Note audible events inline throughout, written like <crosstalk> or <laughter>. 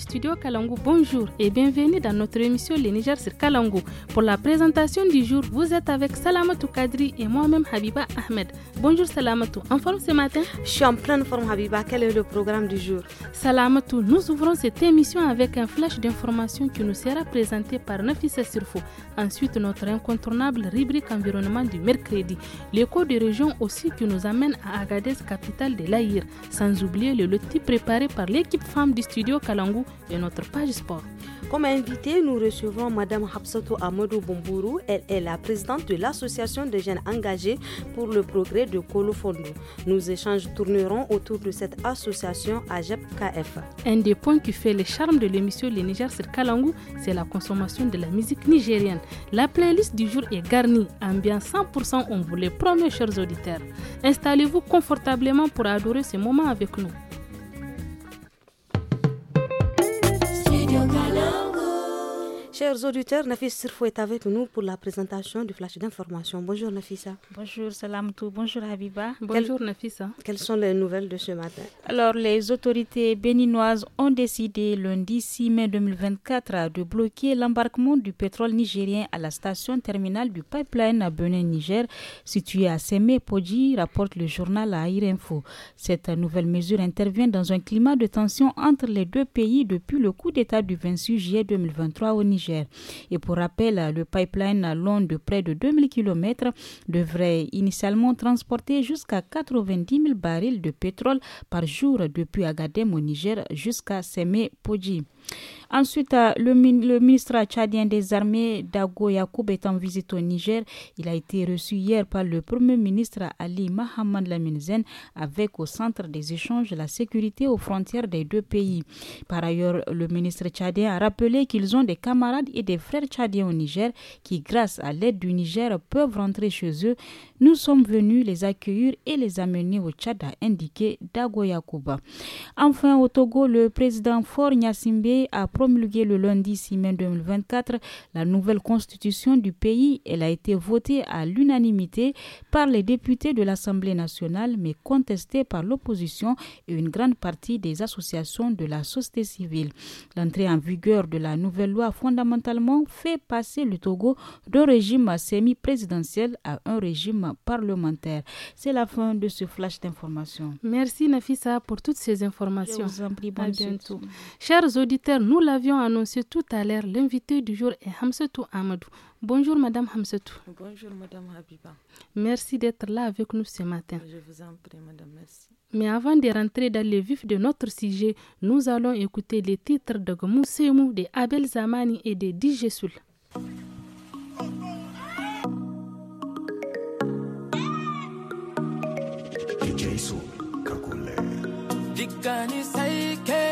studio Kalangu, bonjour et bienvenue dans notre émission Les Niger sur Kalangu. Pour la présentation du jour, vous êtes avec Salamatou Kadri et moi-même Habiba Ahmed. Bonjour Salamatou, en forme ce matin Je suis en pleine forme Habiba, quel est le programme du jour Salamatou, nous ouvrons cette émission avec un flash d'informations qui nous sera présenté par Nafissa Surfo. Ensuite, notre incontournable rubrique environnement du mercredi. L'écho des régions aussi qui nous amène à Agadez, capitale de l'Aïr. Sans oublier le loti préparé par l'équipe femme du studio Kalangu de notre page sport. Comme invité, nous recevons Madame Hapsoto Amadou Bumburu. Elle est la présidente de l'association des jeunes engagés pour le progrès de Kolofondo. Nos échanges tourneront autour de cette association ajep kf Un des points qui fait le charme de l'émission Le Niger sur Kalangu, c'est la consommation de la musique nigérienne. La playlist du jour est garnie, bien 100%, on vous les promet, chers auditeurs. Installez-vous confortablement pour adorer ces moments avec nous. No. Chers auditeurs, Nafis Sirfo est avec nous pour la présentation du flash d'information. Bonjour Nafisa. Bonjour Salamtou, bonjour Habiba. Bonjour Nafisa. Quelles sont les nouvelles de ce matin Alors, les autorités béninoises ont décidé lundi 6 mai 2024 de bloquer l'embarquement du pétrole nigérien à la station terminale du pipeline à Benin-Niger, située à Semé Podji, rapporte le journal Air Info. Cette nouvelle mesure intervient dans un climat de tension entre les deux pays depuis le coup d'État du 26 juillet 2023 au Niger. Et pour rappel, le pipeline long de près de 2000 km devrait initialement transporter jusqu'à 90 000 barils de pétrole par jour depuis Agadem au Niger jusqu'à Semé-Podji. Ensuite, euh, le, ministre tchadien des Armées, Dago Yacoub, est en visite au Niger. Il a été reçu hier par le Premier ministre Ali Mahamad Laminzen avec au centre des échanges la sécurité aux frontières des deux pays. Par ailleurs, le ministre tchadien a rappelé qu'ils ont des camarades et des frères tchadiens au Niger qui, grâce à l'aide du Niger, peuvent rentrer chez eux. Nous sommes venus les accueillir et les amener au Tchad, a indiqué Dago Yacoub. Enfin, au Togo, le président Fort Nyassimbe a promulguée le lundi 6 mai 2024 la nouvelle constitution du pays. Elle a été votée à l'unanimité par les députés de l'Assemblée nationale, mais contestée par l'opposition et une grande partie des associations de la société civile. L'entrée en vigueur de la nouvelle loi fondamentalement fait passer le Togo d'un régime semi-présidentiel à un régime parlementaire. C'est la fin de ce flash d'information. Merci Nafisa pour toutes ces informations. Je vous en prie, bientôt. Chers auditeurs, nous avions annoncé tout à l'heure, l'invité du jour est Hamsetou Amadou. Bonjour Madame Hamsetou. Bonjour Madame Habiba. Merci d'être là avec nous ce matin. Je vous en prie Madame, merci. Mais avant de rentrer dans le vif de notre sujet, nous allons écouter les titres de Gmoussemou, de Abel Zamani et de Dijesul. Dikani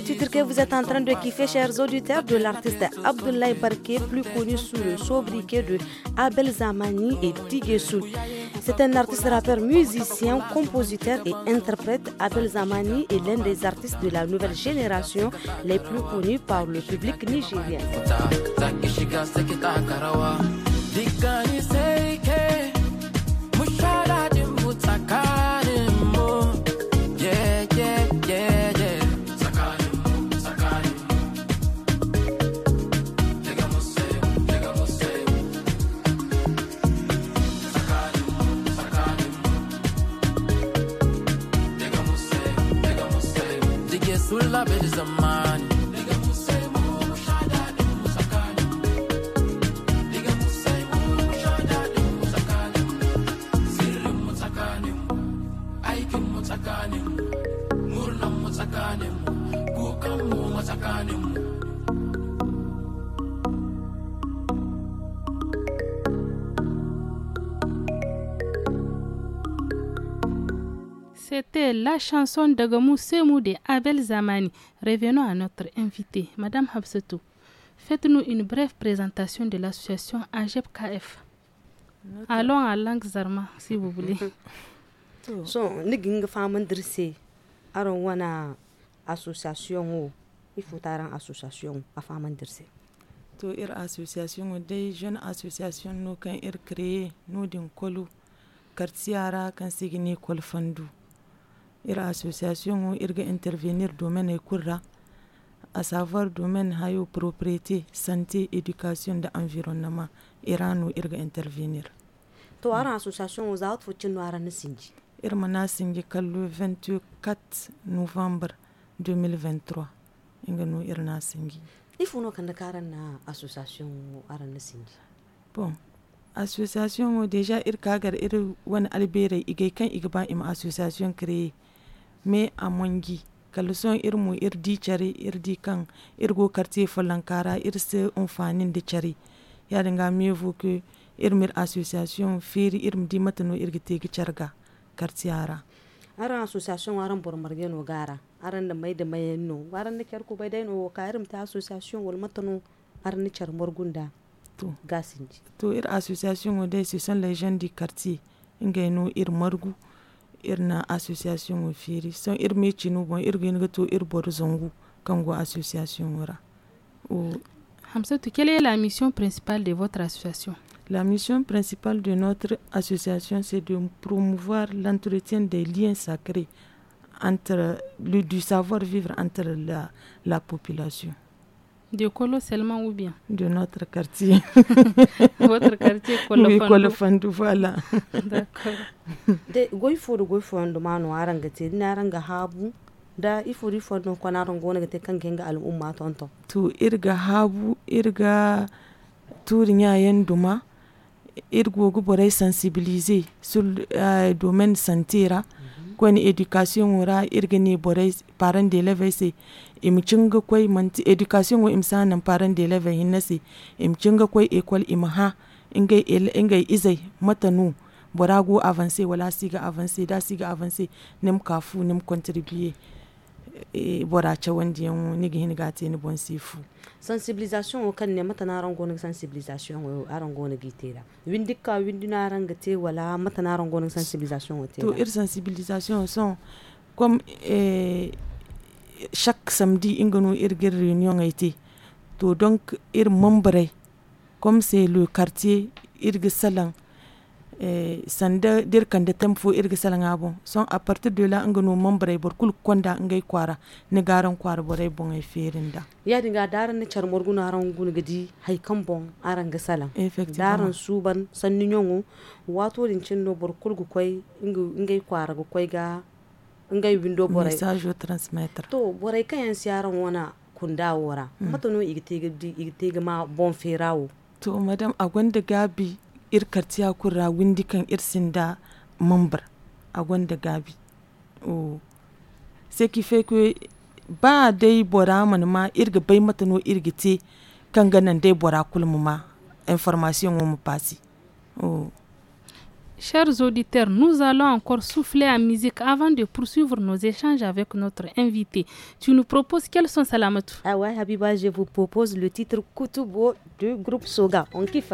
le titre que vous êtes en train de kiffer, chers auditeurs, de l'artiste Abdoulaye Barké, plus connu sous le sobriquet de Abel Zamani et Digesou. C'est un artiste rappeur, musicien, compositeur et interprète. Abel Zamani est l'un des artistes de la nouvelle génération les plus connus par le public nigérien. sabe de zamani Aikin mu mu la chanson de Semou de Abel Zamani. Revenons à notre invité, Madame Habsetou. Faites-nous une brève présentation de l'association AGEP KF. Allons à langue si vous voulez. <laughs> Oh. so, niging faman dressé. Aron association il faut une association a faman To ir association des jeunes association nous kan ir créer nous din kolu. Kartiyara kan sigini kol fandu ira association irga intervenir domaine kurra à savoir domaine hayo propriété santé éducation de environnement iranu irga intervenir to ara association za fuccino ara nasinji irma nasinji kallu 24 novembre 2023 inga no irna singi ifuno kanda karan na association ara nasinji bon association déjà irkagar ir wani albere igay kan igba im association créée mais a que le son irmu irdi cari irdi kan irgo quartier falankara irse amfanin de Chari. ya dinga mieux que irmir association firi irm di matano irgite Gicharga, carga quartier aran association aran pour gara aran de mai de no aran da bai ta association wal aran char morgunda to gasinji to ir association o ce sont les jeunes du quartier ir irna association ir to ir bor kango association wara o quelle est la mission principale de votre association La mission principale de notre association, c'est de promouvoir l'entretien des liens sacrés entre le, du savoir-vivre entre la, la population. De Kolo seulement ou bien De notre quartier. <laughs> Votre quartier Kolo Oui, Kolo Fandou, voilà. <laughs> D'accord. De goifo de goifo ando aranga te na aranga habu da ifuri rifo no kwana rango ne te kan genga al umma tonto. tu irga habu irga turinya yen duma irgo go borai sensibiliser sur eh, domaine santé ra. kwen education ra irgini borai paran de leve se im cinga kwai manti edukasyon wa im nan paran de leve hinnase im ga kwai ekwal im ha ingai ingai izai matanu borago avance wala siga avance da siga avance nem kafu nem kontribuye. et wanda yan nigi hin ga ni bon sifu sensibilisation au kan ne mata na sensibilisation o aran gitera windika windina ran ga te wala mata na sensibilisation et to ir sensibilisation sont comme chaque samedi ingano ir gir réunion été to donc ir membre comme c'est le quartier ir ga salan Eh, sanda dir kande tem fo irga salanga bon son a partir de la nga no membray bor kul konda ngai kwara ni garan kwara ay bon ay ferinda ya dinga daran ni char morgu na ran gun gadi hay kan bon aran ga salan daran suban san ni nyongo wato din cin no bor kul gu koy ngai kwara gu koy ga ngai window ay message transmettre to ay kayan siaran wana kunda wora hmm. no matano igtege igtege ma bon ferawo to madam a gabi ir kartiya kurra windikan kan ir sinda mambar a gwanda gabi o sai ki fe ku ba dai bora man ma irga bai mata no irga te kan ganan dai bora kulmu ma information mu pasi o Chers auditeurs, nous allons encore souffler à musique avant de poursuivre nos échanges avec notre invité. Tu nous proposes quel son Salamatou Ah ouais, Habiba, je vous propose le titre Kutubo du groupe Soga. On kiffe.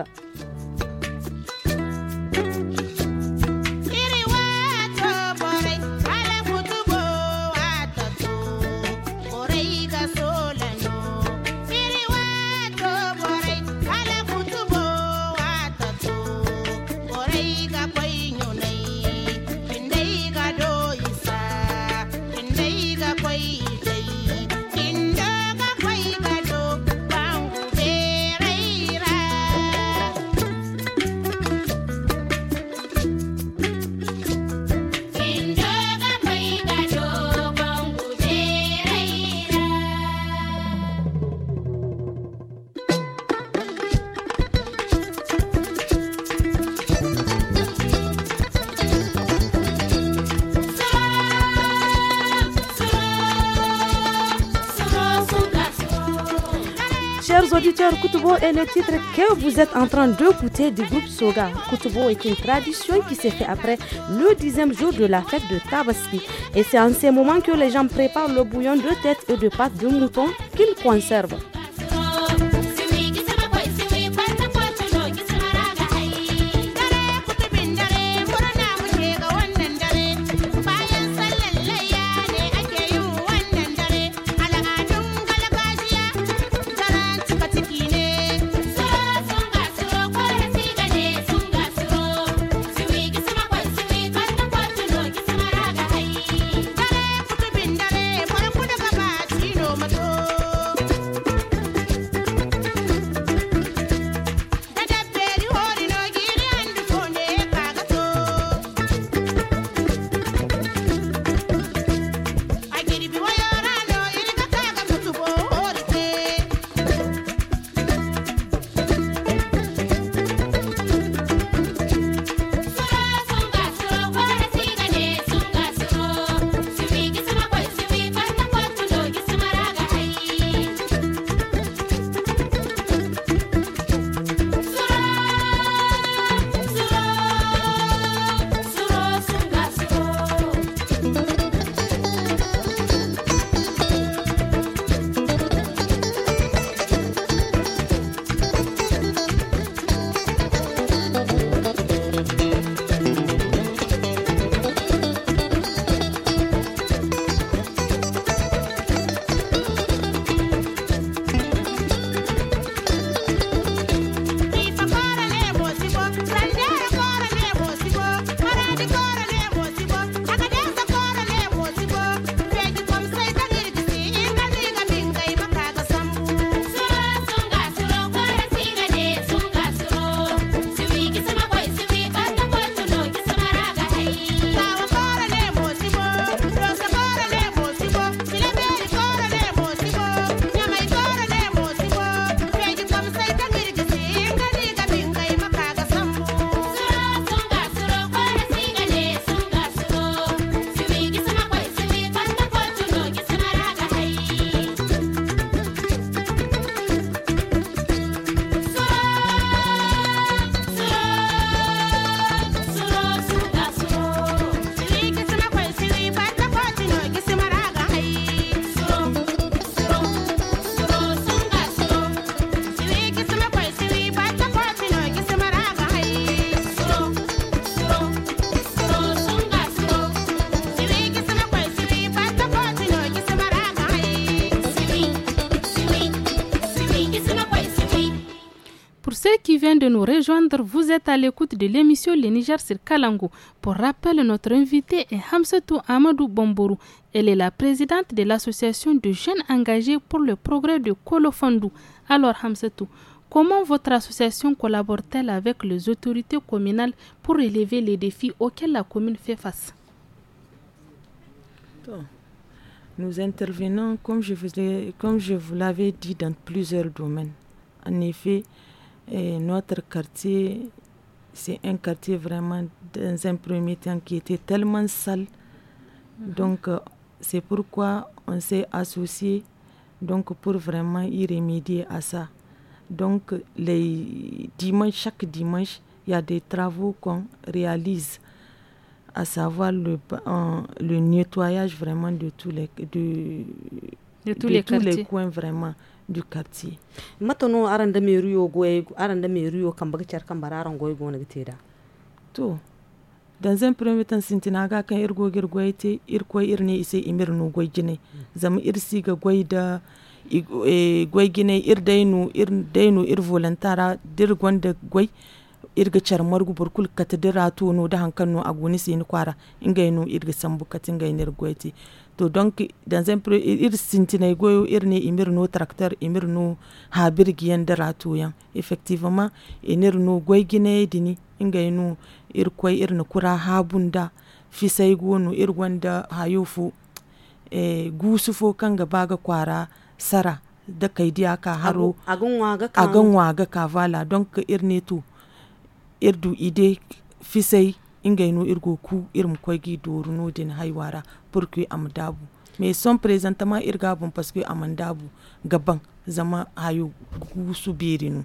auditeurs, Kutubo est le titre que vous êtes en train d'écouter du groupe Soga. Kutubo est une tradition qui s'est faite après le dixième jour de la fête de Tabaski. Et c'est en ces moments que les gens préparent le bouillon de tête et de pâte de mouton qu'ils conservent. nous rejoindre, vous êtes à l'écoute de l'émission Les Niger sur Kalango. Pour rappel, notre invité est Hamsetou Amadou Bombourou. Elle est la présidente de l'association de jeunes engagés pour le progrès de Kolofandou. Alors Hamsetou, comment votre association collabore-t-elle avec les autorités communales pour élever les défis auxquels la commune fait face Nous intervenons, comme je vous l'avais dit, dans plusieurs domaines. En effet, et notre quartier, c'est un quartier vraiment, dans un premier temps, qui était tellement sale. Mhm. Donc, euh, c'est pourquoi on s'est associé donc, pour vraiment y remédier à ça. Donc, les dimanches, chaque dimanche, il y a des travaux qu'on réalise, à savoir le, le nettoyage vraiment de tous les, tous les coins vraiment. du quartier no aran da mai riyo goye aran da mai riyo kan bagcar kan bararan goye gona gite da to dans un premier temps sintina ga kan irgo girgoye te irko irne isai imir no goy gine zama irsi ga goy da e, goy gine ir dainu ir dainu ir volantara dir gonda goy irga charmar gubur kul katadira tono da hankan no aguni sin kwara ingay ino irga sambu katinga inir goyti to donc dan un pre ir sintinay goyo irne imir no tracteur imir no habir giyan dira toyan effectivement inir no gine dini inga ino ir koy irna kura habunda fisay gono ir gwanda hayofu e gusufo kanga baga kwara sara da kaidiya ka haro agan waga ka vala don ka irne to irdu ide fisai inga ino irgo ku irim koygi doru no din haywara pour que am dabu son présentement irga bon parce que am gaban zama hayo gusu su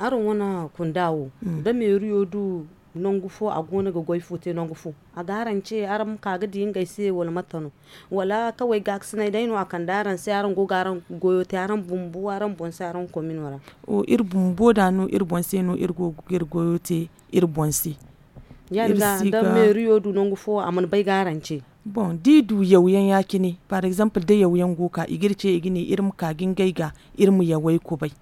Arun wana kundawo, mm. da me riyo du nongu fo a gona ga goy te nongu fo a garan ce aram kaga di ingai se wala matano wala kawai ga sina dai no akan daran sai aran go garan goyo te aran bumbu aran bon sai aran komin wala o ir bumbu da no ir bon sai no ir go gir goyo te ir bonse yanda da me riyo du nongu fo amun bai garance bon di du ya yakini par exemple da yauyan goka igirce igini irim kagin gaiga irmu yawai ko bai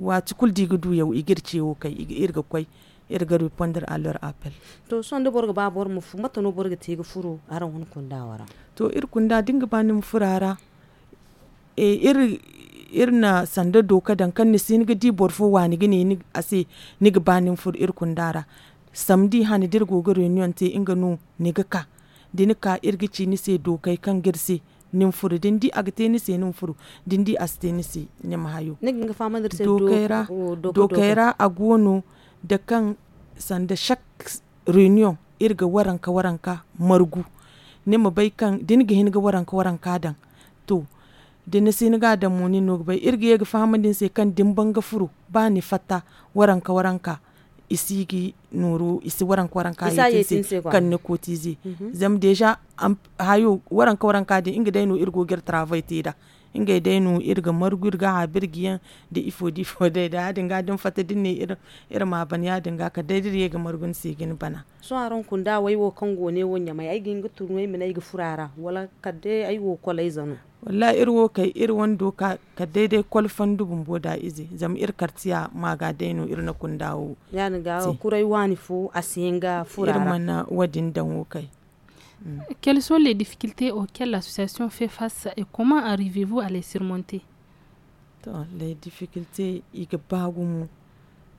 wati kul digu du yau igirce wo kai irga kwai irga répondre à leur appel to son da borga ba bor mu fu matano borga tege furo aran hun kunda wara to ir kunda dinga bani mu furara e ir irna sanda doka dan kan ni sin gidi borfo wani gine ni ase ni ga banin fur irkun kundara samdi hani dir gogo reunion te inga nu ni ga ka dini ka irgici ni se dokai kan girsi nin furu dindi agte ni se nin furu dindi aste ni se ni mahayo ni ga fama dir se dokaira dokaira agwonu da kan sanda shak reunion irga waranka waranka margu ne mabai kan dini ga hin ga waranka waranka dan to dene siniga da muni no bai irgi yegi fahamandin se kan dimbanga furu bani fata waranka waranka isigi nuru isi waranka waranka yetinse kan ni kotizi zam mhm. deja hayo waranka waranka din inga dai no irgo ger travail teda inga denu irga margur ga ha birgiyan da ifo di fo <laughs> dai da hadin ga din fata din ne irin ma ban ya din ga ka dai dire ga margun sigin bana so aron kun da wai wo kan gone wonya mai ai gin gutu mai mai ga furara wala ka dai ai wo kolai zanu wallahi ir wo kai ir wando ka ka dai dai fan dubun boda izi zam ir kartiya ma ga dai no ir na kun dawo yani ga kurai wani fo asinga furara Irin mana wadin dan wo kai Quelles sont les difficultés auxquelles l'association fait face et comment arrivez-vous à les surmonter Les difficultés, il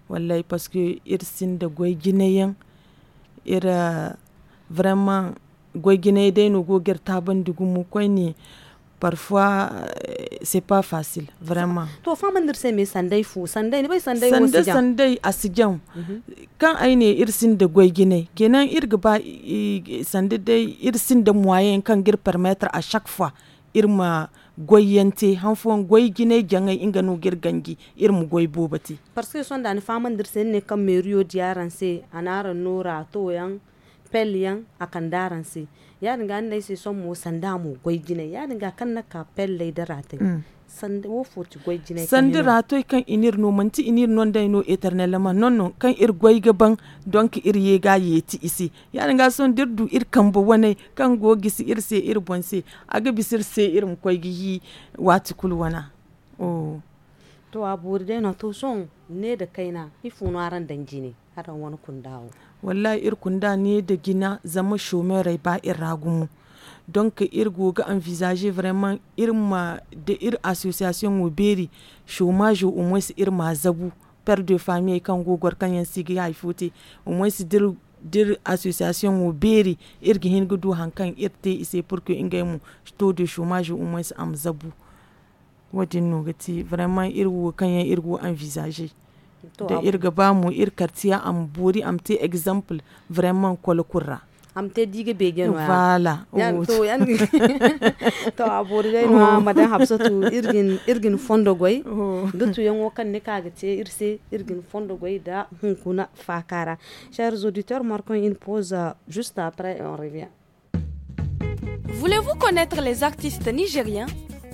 voilà, parce que irsin de gwai ils sont vraiment gwai ginai dai no parfois euh, c'est pas facile vraiment to femme dir sai me sandai fu sandai ne bai sandai sandai sandai asijan kan ai ne irsin da gwaigine kenan irga ba sandai dai irsin da moyen kan gir permettre à chaque fois irma goyyante hanfon goygine jangai inga no gangi irmu goy bobati parce que son da ni faman sai ne kan merio diaran sai anara nora to yan yaadin an annai sai son mu sanda mu goy jine yaadin ga kan na ka lai da ratai mm. sanda wo foti goy jine sanda ratai kan inir no manti inir non dai no ma non non kan ir goy gaban donc ir ye ga ti isi ya ga son dirdu ir bo wane kan go gisi ir se ir bonse aga bisir se ir mu koy gi wati wana o oh. to aburde na to son ne da kaina ifunaran danjine haran wani kundawo wallahi irkunda ne da gina zama shomen rai ba in donc don ka ir envisager vraiment irma de ir association wuberi chômage au moins irma zabu père de famille kan gogor kan yan sigi haifote au moins dir dir association wuberi irgi hin gudu hankan irte ise pour que ingay mu taux de chômage au moins am zabu wadin no vraiment irwo kan yan envisager da irga ba mu irkartiya am buri am te example vraiment kwalkurra am te diga gen wa vala oh. to yan <laughs> <laughs> to abori dai ma oh. madan tu irgin irgin fondo goy oh. tu yan wokan ne kaga te irse irgin fondo goy da hunkuna fakara chers auditeurs marquons une pause euh, juste après on revient Voulez-vous connaître les artistes nigériens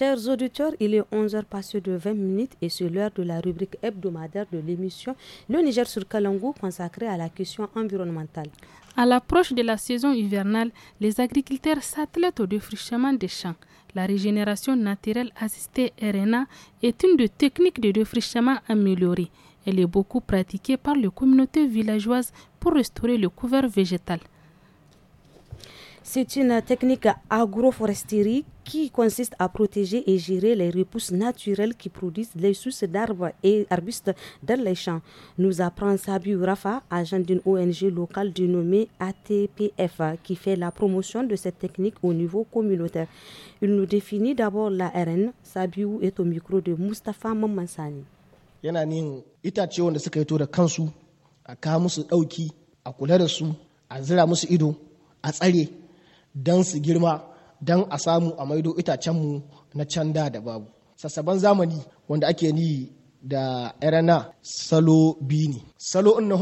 Chers auditeurs, il est 11h passé de 20 minutes et c'est l'heure de la rubrique hebdomadaire de l'émission Le Niger sur Kalangou consacrée à la question environnementale. À l'approche de la saison hivernale, les agriculteurs s'attellent au défrichement des champs. La régénération naturelle assistée RNA est une des techniques de défrichement améliorée. Elle est beaucoup pratiquée par les communautés villageoises pour restaurer le couvert végétal. C'est une technique agroforesterie qui consiste à protéger et gérer les repousses naturelles qui produisent les sources d'arbres et arbustes dans les champs, nous apprend Sabu Rafa, agent d'une ONG locale dénommée ATPFA, qui fait la promotion de cette technique au niveau communautaire. Il nous définit d'abord la RN. Sabiu est au micro de Mustapha Mamansani. a kula da ido a tsare girma don a samu a maido itacenmu na can da da babu sassaban zamani wanda ake ni da erana salo biyu ne salo na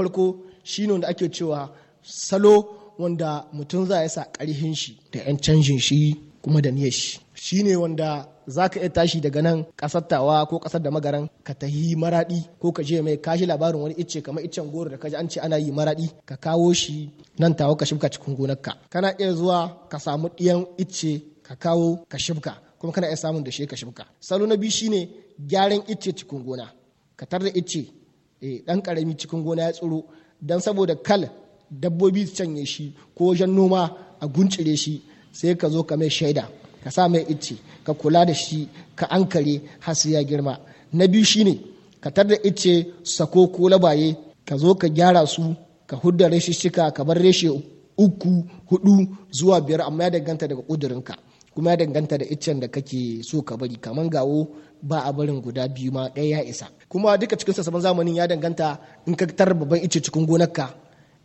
shi ne wanda ake cewa salo wanda mutum za ya sa ƙarhin shi da 'yan canjin shi kuma da niyar shi shine wanda za ka iya tashi daga nan ƙasar ko ƙasar da magaran ka tahi maraɗi ko ka je mai kashi labarin wani icce kamar iccen goro da ka kaji an ce ana yi maraɗi ka kawo shi nan tawa ka shibka cikin gonarka kana iya zuwa ka samu ɗiyan icce ka kawo ka shibka kuma kana iya samun da shi ka shibka salo na biyu shine gyaran icce cikin gona ka tar da icce eh, ɗan karami cikin gona ya tsiro dan saboda kal dabbobi su canye shi ko wajen noma a guncire shi sai ka zo ka mai shaida ka sa mai icce ka kula da shi ka ankare har ya girma na biyu shine ka tar da icce sako ko labaye ka zo ka gyara su ka hudda reshishika ka bar reshe uku hudu zuwa biyar amma ya danganta daga kudurinka kuma ya danganta da iccen da kake so ka bari kaman gawo ba a barin guda biyu ma ɗaya ya isa kuma duka cikin sassaban zamanin ya danganta in ka tar babban icce cikin gonarka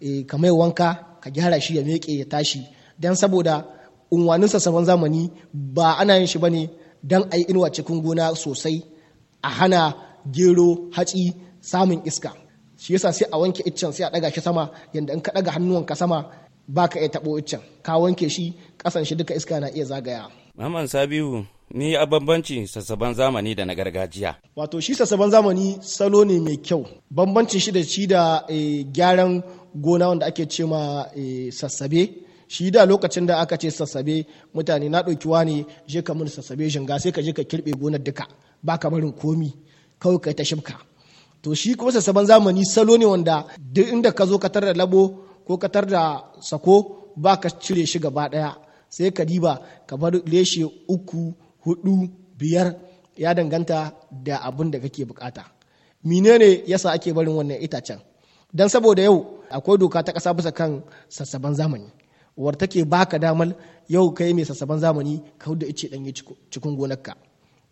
eh, ka mai wanka ka gyara shi ya meke ya tashi don saboda unwanin sassaban zamani ba ana yin shi ba ne don a yi inuwa cikin gona sosai a hana gero hatsi samun iska shi yasa sai a wanke iccen sai a daga shi sama yadda in ka daga hannuwanka sama ba ka iya taɓo iccen ka wanke shi ƙasan shi duka iska na iya zagaya. Maman Sabiu ni a bambanci sassaban zamani da na gargajiya. Wato shi sassaban zamani salo ne mai kyau. Bambancin shi da shi da eh, gyaran gona wanda ake ce ma eh, sassabe shi da lokacin da aka ce sassabe mutane na ɗauki ne je ka mun sassabe shinga sai ka je ka kirɓe gonar duka ba ka barin komi kawai yi ta shimka. to shi kuma sassaben zamani salo ne wanda duk inda ka zo ka tar da labo ko ka tar da sako ba ka cire shi gaba ɗaya sai ka diba ka bar leshe uku hudu biyar ya danganta da abin da kake bukata menene yasa ake barin wannan itacen don saboda yau akwai doka ta ƙasa bisa kan sassaban zamani war take baka damar yau kai mai sassaban zamani ka da ice danye cikin gonarka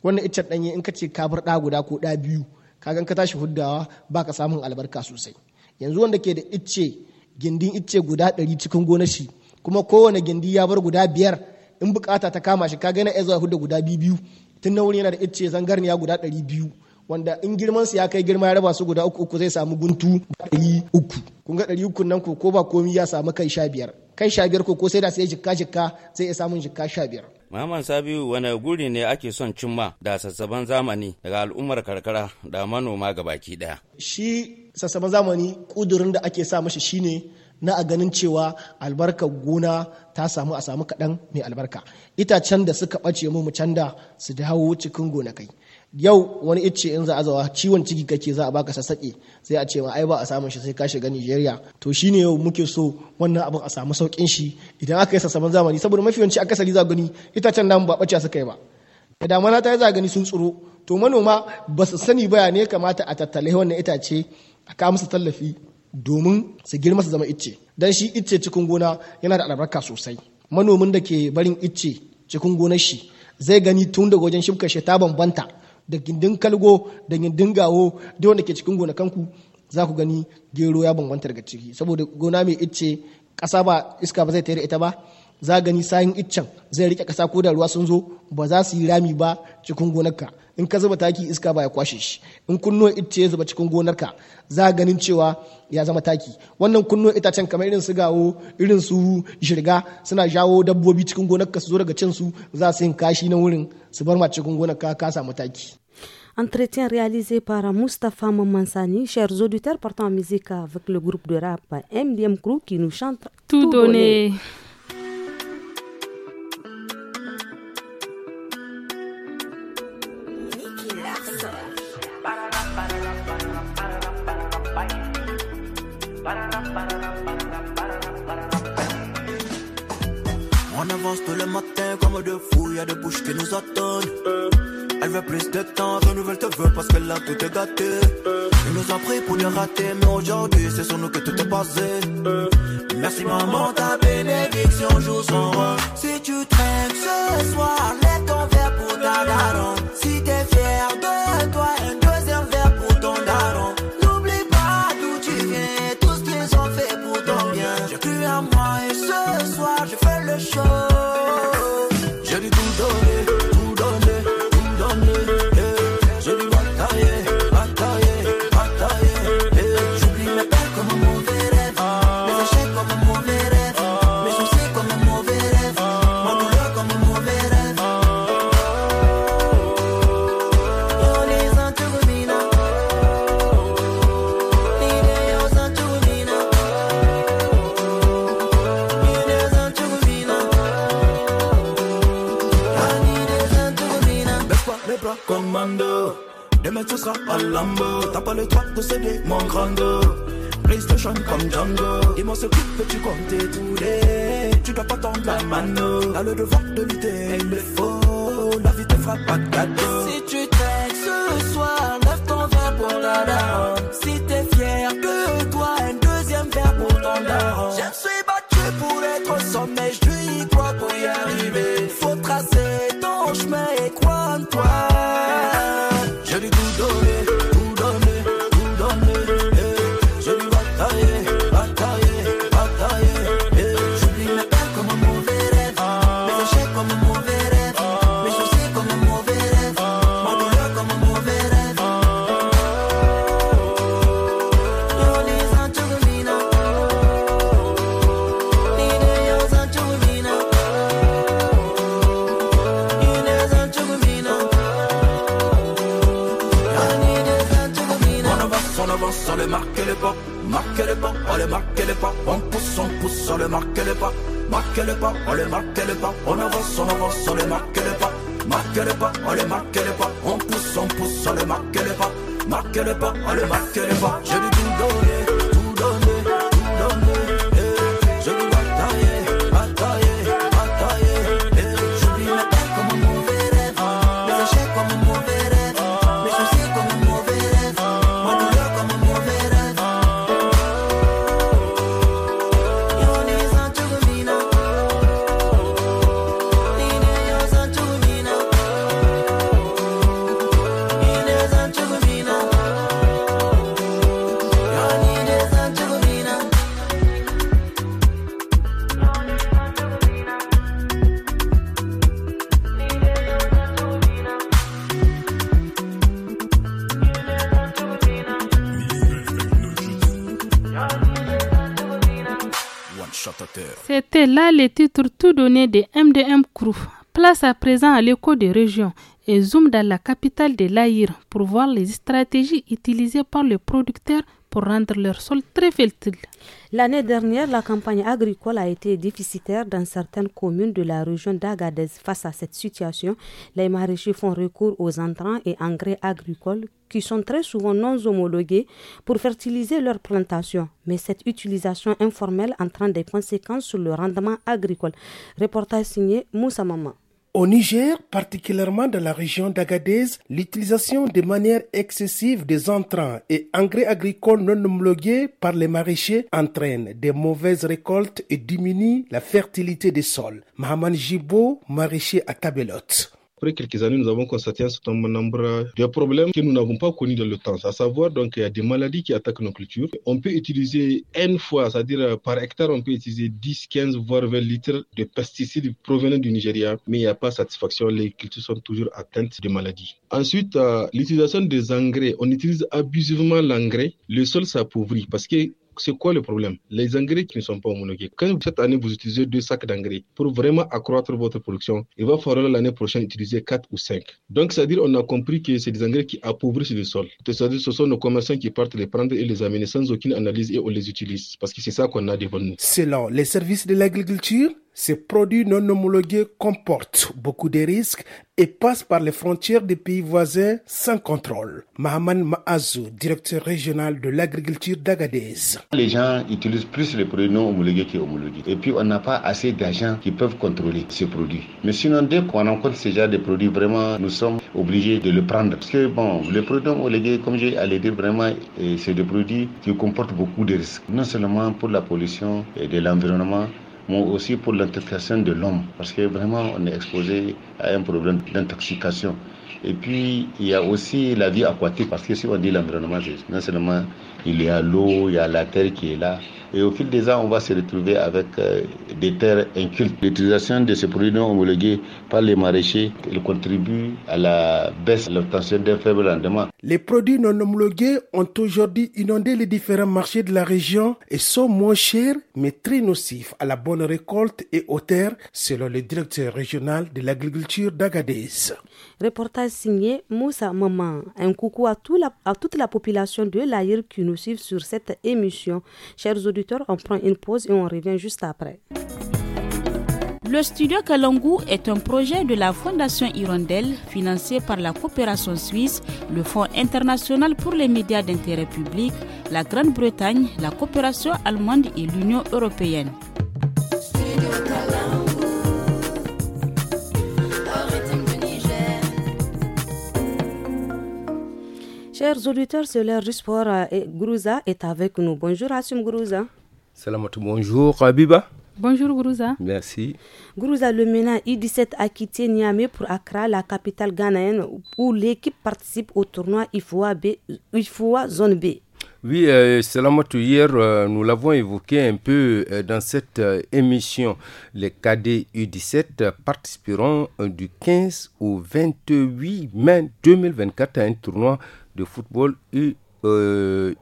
wannan icen danye in ka ce ka bar ɗa guda ko da biyu ka gan ka tashi huddawa baka samun albarka sosai yanzu wanda ke da icce gindin icce guda ɗari cikin gonar shi kuma kowane gindi ya bar guda biyar in bukata ta kama shi ka gana ya zuwa hudda guda biyu tun na wuri yana da ice zangarniya guda ɗari biyu wanda in girman su ya kai girma ya raba su guda uku uku zai samu guntu ɗari uku kun ga ɗari uku nan ko ko ba komi ya samu kai sha biyar kai sha biyar ko ko sai da sai jikka jikka zai iya samun jikka sha biyar. Maman Sabiu wani guri ne ake son cimma da sassaban zamani daga al'ummar karkara da manoma ga baki daya Shi sassaban zamani kudurin da ake sa mashi shine na a ganin cewa albarkar gona ta samu a samu kaɗan mai albarka itacen da suka ɓace mu mu canda su dawo cikin gonakai yau wani icce in za a zawa ciwon ciki kake za a baka sassaƙe sai a ce ma ai ba a samun shi sai ka shiga Nigeria to shine yau muke so wannan abin a samu saukin shi idan aka yi sassaban zamani saboda mafi yawanci akasari za gani itacen namu ba ɓace suka yi ba da damana ta yi za gani sun tsoro to manoma ba su sani ba ne kamata a tattale wannan itace a kawo musu tallafi domin su girma su zama icce dan shi icce cikin gona yana da albarka sosai manomin da ke barin icce cikin gonar shi zai gani tun daga wajen shibka shi ta bambanta da gindin kalgo da gindin gawo da wanda ke cikin kanku za ku gani gero ya bambanta daga ciki saboda gona mai icce ƙasa ba iska ba zai tayar ita ba za gani sayin iccen zai rike kasa ko da ruwa sun zo ba za su yi rami ba cikin gonarka in ka zuba taki iska ba ya kwashe shi in kunno itce ya zuba cikin gonarka za ganin cewa ya zama taki wannan kunno itacen kamar irin su gawo irin su shirga suna jawo dabbobi cikin gonarka su zo daga cin su za su yin kashi na wurin su bar ma cikin gonarka ka samu taki Entretien réalisé par Mustapha Mamansani, chers auditeurs, partant en musique avec le groupe de rap MDM Crew qui nous chante Tout, donné. On avance tous le matin comme deux fous, y'a des bouches qui nous attendent. Elle veut plus de temps, nouvelle te veut parce qu'elle a tout est gâté. Ils nous ont pris pour les rater, mais aujourd'hui c'est sur nous que tout est passé. Merci maman, ta bénédiction joue son rôle. Si tu traînes ce soir, laisse ton verre pour ta daronne. T'as pas le droit de céder mon grand dos. PlayStation comme Django. Et moi, ce coup que tu comptes les? Tu dois pas tendre la mano. T'as le devoir de lutter. là les titres tout donnés des MDM Crew. Place à présent à l'écho des régions et zoom dans la capitale de l'Aïr pour voir les stratégies utilisées par les producteurs pour rendre leur sol très fertile. L'année dernière, la campagne agricole a été déficitaire dans certaines communes de la région d'Agadez. Face à cette situation, les maraîchers font recours aux entrants et engrais agricoles qui sont très souvent non homologués pour fertiliser leurs plantations. Mais cette utilisation informelle entraîne des conséquences sur le rendement agricole. Reportage signé Moussa Maman. Au Niger, particulièrement dans la région d'Agadez, l'utilisation de manière excessive des entrants et engrais agricoles non homologués par les maraîchers entraîne des mauvaises récoltes et diminue la fertilité des sols. Mahaman Jibo, maraîcher à Tabelot. Après quelques années, nous avons constaté un certain nombre de problèmes que nous n'avons pas connus dans le temps, à savoir donc il y a des maladies qui attaquent nos cultures. On peut utiliser une fois, c'est-à-dire euh, par hectare, on peut utiliser 10, 15, voire 20 litres de pesticides provenant du Nigeria, mais il n'y a pas satisfaction, les cultures sont toujours atteintes de maladies. Ensuite, euh, l'utilisation des engrais, on utilise abusivement l'engrais, le sol s'appauvrit parce que c'est quoi le problème Les engrais qui ne sont pas homologués. Quand cette année vous utilisez deux sacs d'engrais pour vraiment accroître votre production, il va falloir l'année prochaine utiliser quatre ou cinq. Donc, c'est-à-dire on a compris que c'est des engrais qui appauvrissent le sol. C'est-à-dire ce sont nos commerçants qui partent les prendre et les amener sans aucune analyse et on les utilise parce que c'est ça qu'on a devant nous. Selon les services de l'agriculture, ces produits non homologués comportent beaucoup de risques et passent par les frontières des pays voisins sans contrôle. Mahaman Mahazou, directeur régional de l'agriculture d'Agadez. Les gens utilisent plus les produits non homologués que homologués. Et puis, on n'a pas assez d'agents qui peuvent contrôler ces produits. Mais sinon, dès qu'on rencontre ces genre de produits, vraiment, nous sommes obligés de le prendre. Parce que, bon, les produits non homologués, comme j'ai allé dire, vraiment, euh, c'est des produits qui comportent beaucoup de risques. Non seulement pour la pollution et de l'environnement, mais aussi pour l'intoxication de l'homme, parce que vraiment on est exposé à un problème d'intoxication. Et puis il y a aussi la vie aquatique, parce que si on dit l'environnement, c'est seulement il y a l'eau, il y a la terre qui est là. Et au fil des ans, on va se retrouver avec euh, des terres incultes. L'utilisation de ces produits non homologués par les maraîchers contribue à la baisse de l'obtention d'un faible rendement. Les produits non homologués ont aujourd'hui inondé les différents marchés de la région et sont moins chers mais très nocifs à la bonne récolte et aux terres, selon le directeur régional de l'agriculture d'Agadez. Reportage signé Moussa Maman. Un coucou à, toute la population de l'Aïr qui nous suivent sur cette émission. Chers auditeurs, on prend une pause et on revient juste après. Le studio Kalangu est un projet de la Fondation Hirondelle financé par la coopération suisse, le Fonds international pour les médias d'intérêt public, la Grande-Bretagne, la coopération allemande et l'Union européenne. Chers auditeurs, c'est l'heure du sport euh, et est avec nous. Bonjour Assim Grouza. Salamat. bonjour Abiba. Bonjour Gourouza. Merci. Gourouza, le MENA u 17 a quitté Niamey pour Accra, la capitale ghanéenne, où l'équipe participe au tournoi IFOA, Zone B. Oui, euh, hier, euh, nous l'avons évoqué un peu euh, dans cette émission. Les cadets U17 participeront du 15 au 28 mai 2024 à un tournoi de football U. Euh,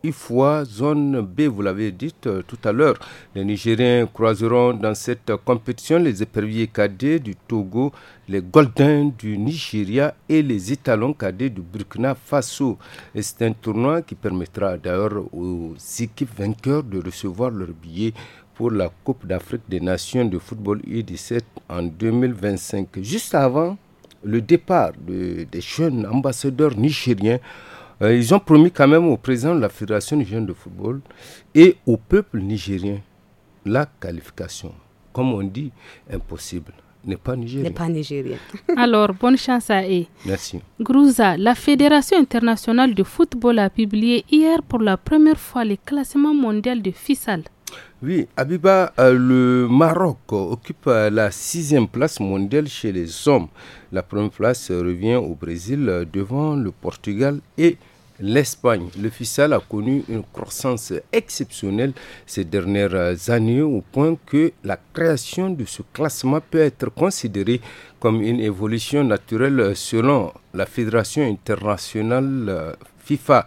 zone B, vous l'avez dit euh, tout à l'heure. Les Nigériens croiseront dans cette compétition les éperviers cadets du Togo, les Goldens du Nigeria et les Étalons cadets du Burkina Faso. c'est un tournoi qui permettra d'ailleurs aux équipes vainqueurs de recevoir leur billet pour la Coupe d'Afrique des Nations de football U17 en 2025. Juste avant le départ des jeunes ambassadeurs nigériens, euh, ils ont promis quand même au président de la Fédération nigérienne de football et au peuple nigérien la qualification. Comme on dit, impossible. N'est pas nigérien. N'est pas nigérien. <laughs> Alors, bonne chance à eux. Merci. Grouza, la Fédération internationale de football a publié hier pour la première fois les classements mondiaux de FISAL. Oui, Abiba, euh, le Maroc occupe euh, la sixième place mondiale chez les hommes. La première place revient au Brésil devant le Portugal et l'Espagne. Le futsal a connu une croissance exceptionnelle ces dernières années au point que la création de ce classement peut être considérée comme une évolution naturelle selon la Fédération internationale euh, FIFA.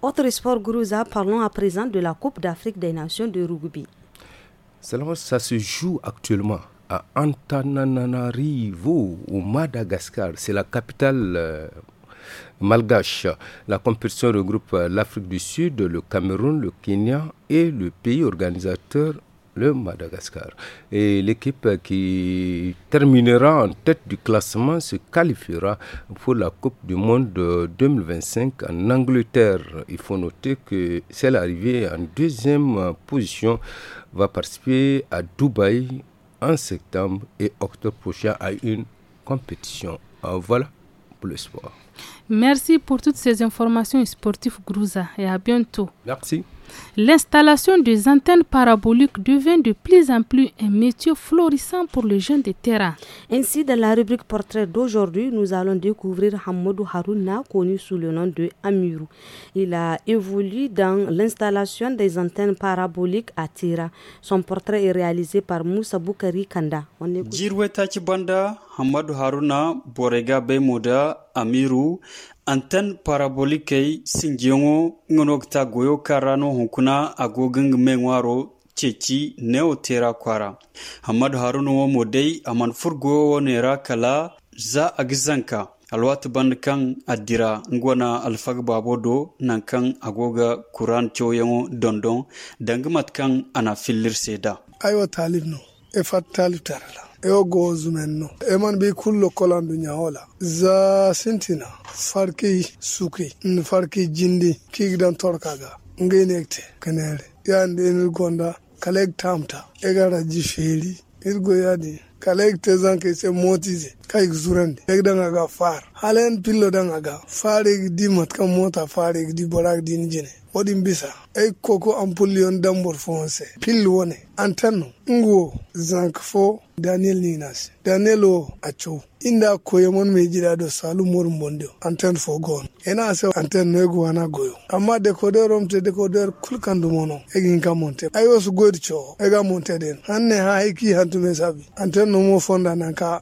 Autre sport, Gourouza, parlons à présent de la Coupe d'Afrique des Nations de rugby. Ça se joue actuellement à Antananarivo, au Madagascar. C'est la capitale euh, malgache. La compétition regroupe l'Afrique du Sud, le Cameroun, le Kenya et le pays organisateur, le Madagascar. Et l'équipe qui terminera en tête du classement se qualifiera pour la Coupe du Monde 2025 en Angleterre. Il faut noter que celle arrivée en deuxième position va participer à Dubaï en septembre et octobre prochain à une compétition. Voilà pour le sport. Merci pour toutes ces informations sportives, Grouza, et à bientôt. Merci. L'installation des antennes paraboliques devient de plus en plus un métier florissant pour les jeunes de terrain. Ainsi, dans la rubrique portrait d'aujourd'hui, nous allons découvrir Hamadou Haruna, connu sous le nom de Amiru. Il a évolué dans l'installation des antennes paraboliques à Tira. Son portrait est réalisé par Moussa Boukari Kanda. Jirweta Kibanda, Hamadou Harouna, Borega Bemoda, Amiru, Anten parabolique sinjiongo ŋono ga ta goyo karano hukuna hunkuna a go ganga neo tera kwara Hamad haruna wo modei dai furgo wo nera kala za a gizanka alwatu band kan adira ngwana alfag babodo do agoga kuran coyoŋo dondon dangi mat seda aywa talib no e talib tarala eo goozu men no eman bi kullo kolandu nyahola za sintina farki suki n farki jindi kigdan torkaga ngenekte kenere yande enil gonda kaleg tamta egara jifeli irgo yadi kaleg tezanke se motize zurande zurandi danga ga far halen pillo danga ga fare di kam mota fare di borak din jine wodin bisa ay koko ampullion dambor fonse pill wone antanno ngo zank fo daniel ninas daniel o accow inda koyemon me jiɗa ɗo salu mor bonde antenne fo gon ena se antenne noygo wana goyo amma décodeur omte décodeur kulkandumon o egin ka monte ayo so cho coo ega monte den hanne ha hantu hantume sabi antenne no mo fonda nan ka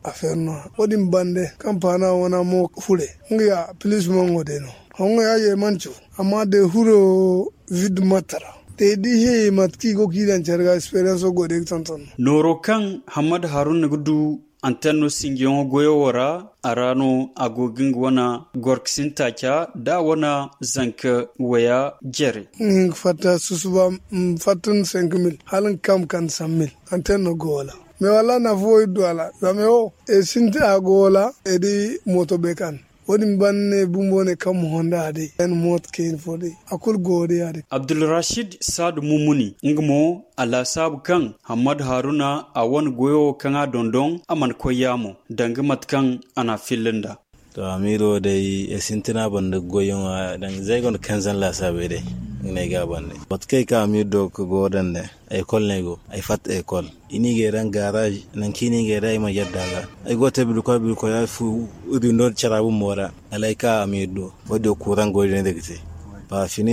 wodin bande kampana wana mo fule ngiya plus mo ngode no hongo ya ye mancho amma de huro vid matara te di he mat ki go ki dan charga experience go de ton ton noro kan hamad harun gudu antenno singiyon goyo wara arano agogin wana gorkisinta kya da wana zanka waya jere. Fata susuba mm, fatun 5000 halin kam kan 100 antenno go wala. mɛ wala na foyi do e a la zame o e sinti a go la e di moto be kan ne banne ne kam honda ade en mot ken fode akul gode ade abdul rashid sad mumuni ngmo ala sab kan hamad haruna a awon goyo kanga dondon aman koyamo dangamat kan ana filinda to amiro dai e sintina banda goyon dan zai gon kanzan la sabe dai nega banne batkay ka mi dok godande ekol nego ay fat ekol ini geran garage nan kini gerai ma ay gote bil ko bil ko ya fu udin charabu mora alaika mi do bodo kuran godane degte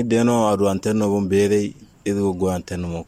deno adu antenno bom bere go antenno mo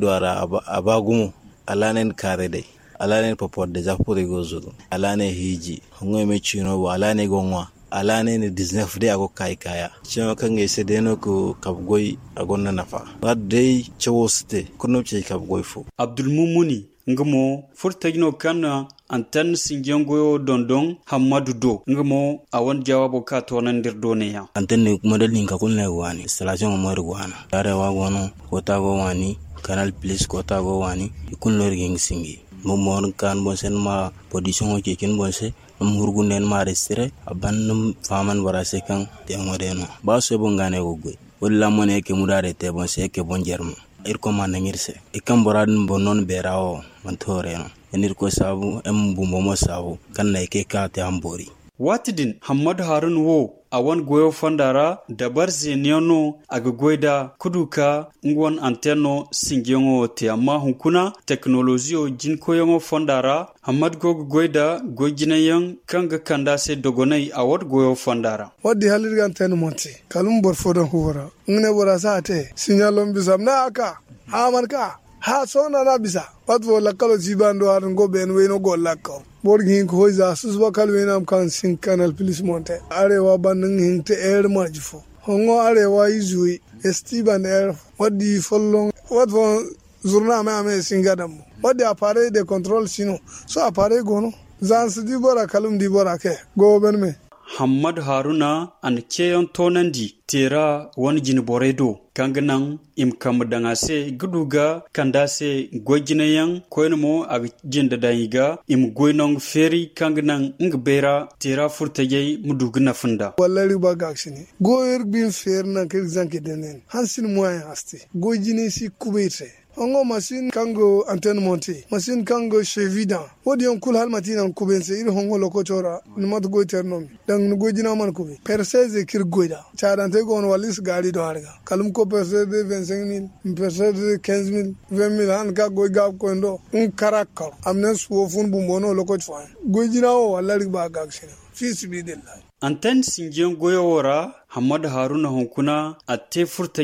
do ara abagumu alanen kare dai alane poporde japure gozuru alane hiji ngoy me chino alane gongwa ala ne ni 19 dai ago kai kaya cewa kan ga sai dai ko kabgoi agon na nafa ba dai cewo ste kuno ce kabgoi fo abdul mumuni ngamo furtagino kana antan singengoyo dondon hamadu do ngamo awon jawabo ka to nan tonandir doneya antan ne kuma dalin ka kunna wani installation mo ruwana wa gono kota go wani canal plus kota go wani kunno ringi singi mo mon kan bon sen ma position o ke kin bo se murgunden mare sire a bannum faman wara se kan tengodeno ba so bon gane go gwe wala mone ke mudare te bon se ke bon jerma irko man ngirse ikam boradun bon non berawo man toreno enir ko sabu em bumbo mo sabu kan na ke ka te ambori waati din hammadu harun wo a awan goyo fondara dabar zeniyono aga goyda kuduka ngwan antenno singiyongo te amma hunkuna teknolojiyo jin koyongo fondara hammad gogo goyda gojinayen ga kanda se dogonai awad goyo fondara waddi halirga antenno monte kalum bor fodon huwara ngne bora saate sinyalon bisam na aka haman ka ha sona na bisa wat vo lakalo jibando go ngoben weno go lakko bor gin ko hoy zasus ba kal venam kan sin kanal plus monte arewa banin hin te er majfo hongo arewa izui estiban er wadi follong wad von zurna ma ame sin gadam wadi apare de control sino so apare gono zansu di bora kalum di bora ke goben me hammad haruna an keyon tonandi tera wani jini boredo kanganan im kam dangase guduga kandase gojinayan koynomo ag jinda dayiga im goynong feri kanganan ngbera tera furtege mudugna funda wallari ba gaksini goyer bin fer na ker denen hansin moyen asti gojine si kubetre ango masin kango antenmonte masin kango chevidan wodi yon kul halmati nan kubense ir hongo loko chora nimat goy ternomi dang nu goy jinaman kubi persese kir goyda chadante gon walis gari do harga kalum ko persese vensen mil persese kenz mil ven mil han ka goy gab koendo un karakka amnen suwofun bumbono loko chwa goy jinao walarik ba gagshina fisi bidin lai Anten singen goyaora Hamad Haruna Honkuna, a te furta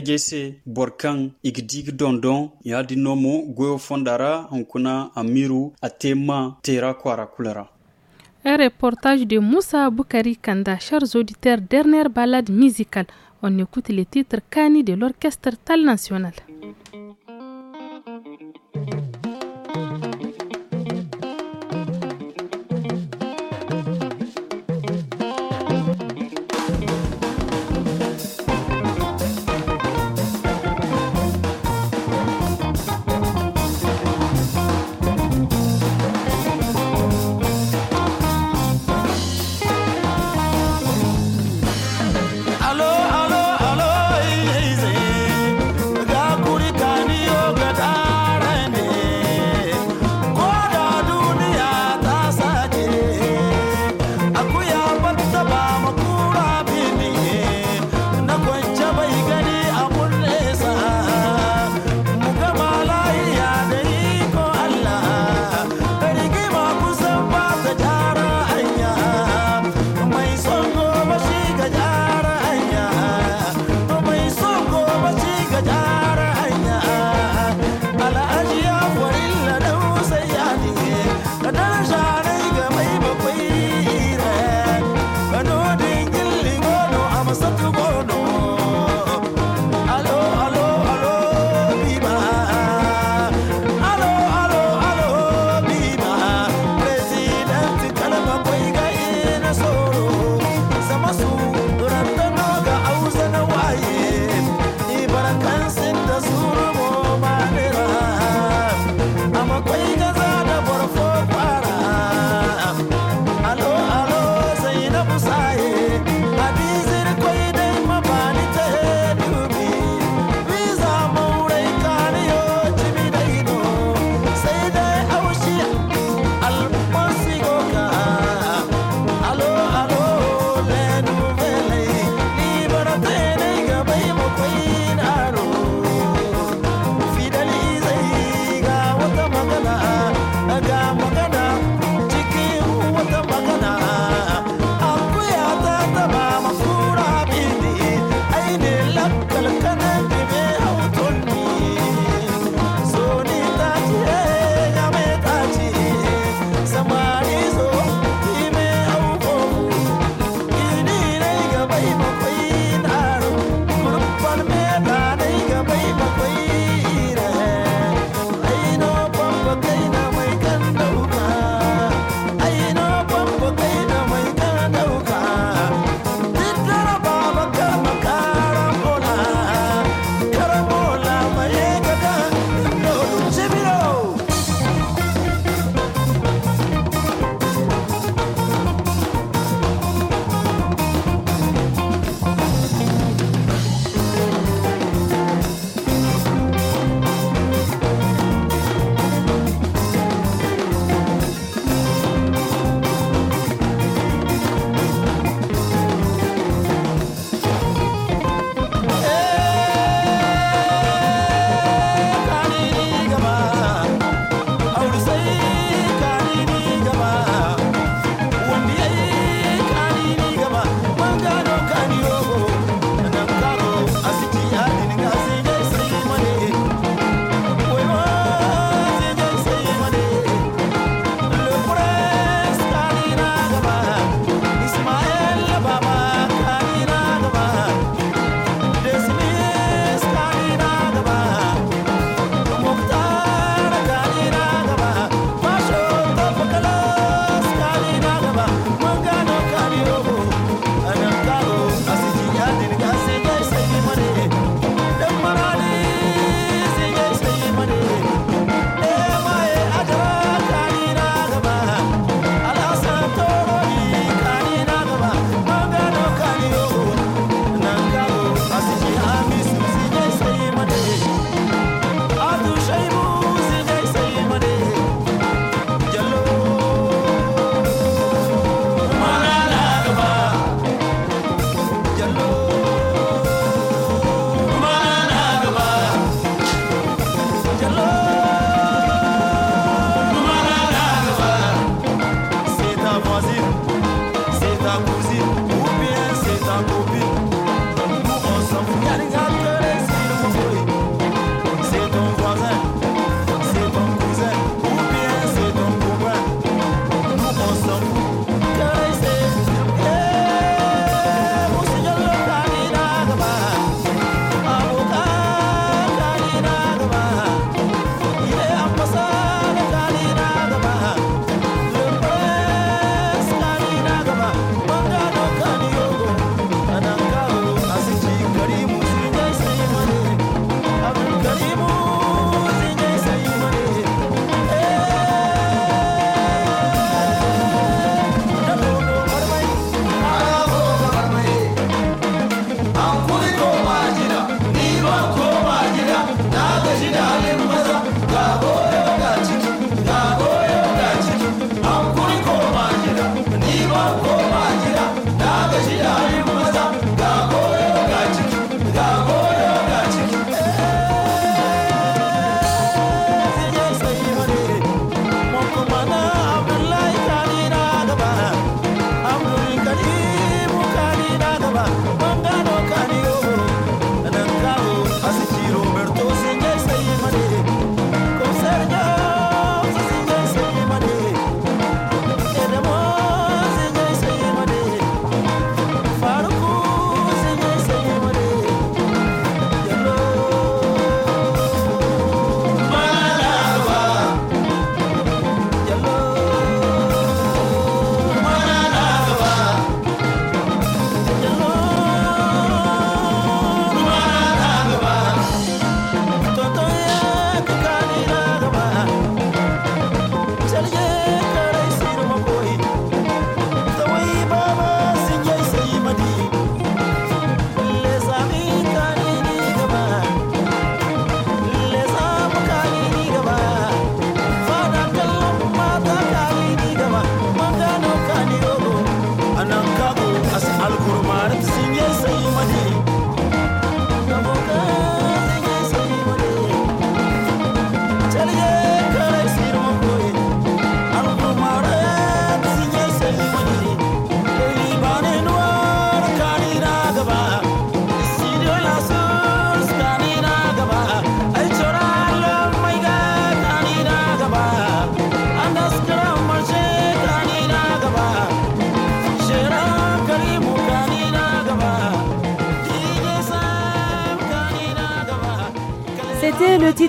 borkan igdig dondon ya di nomo goyo fondara Amiru a ma tera kwara kulera. Un reportage de Moussa Boukari Kanda, chers auditeurs, dernière balade musicale. On écoute les titres Kani de l'orchestre Tal National.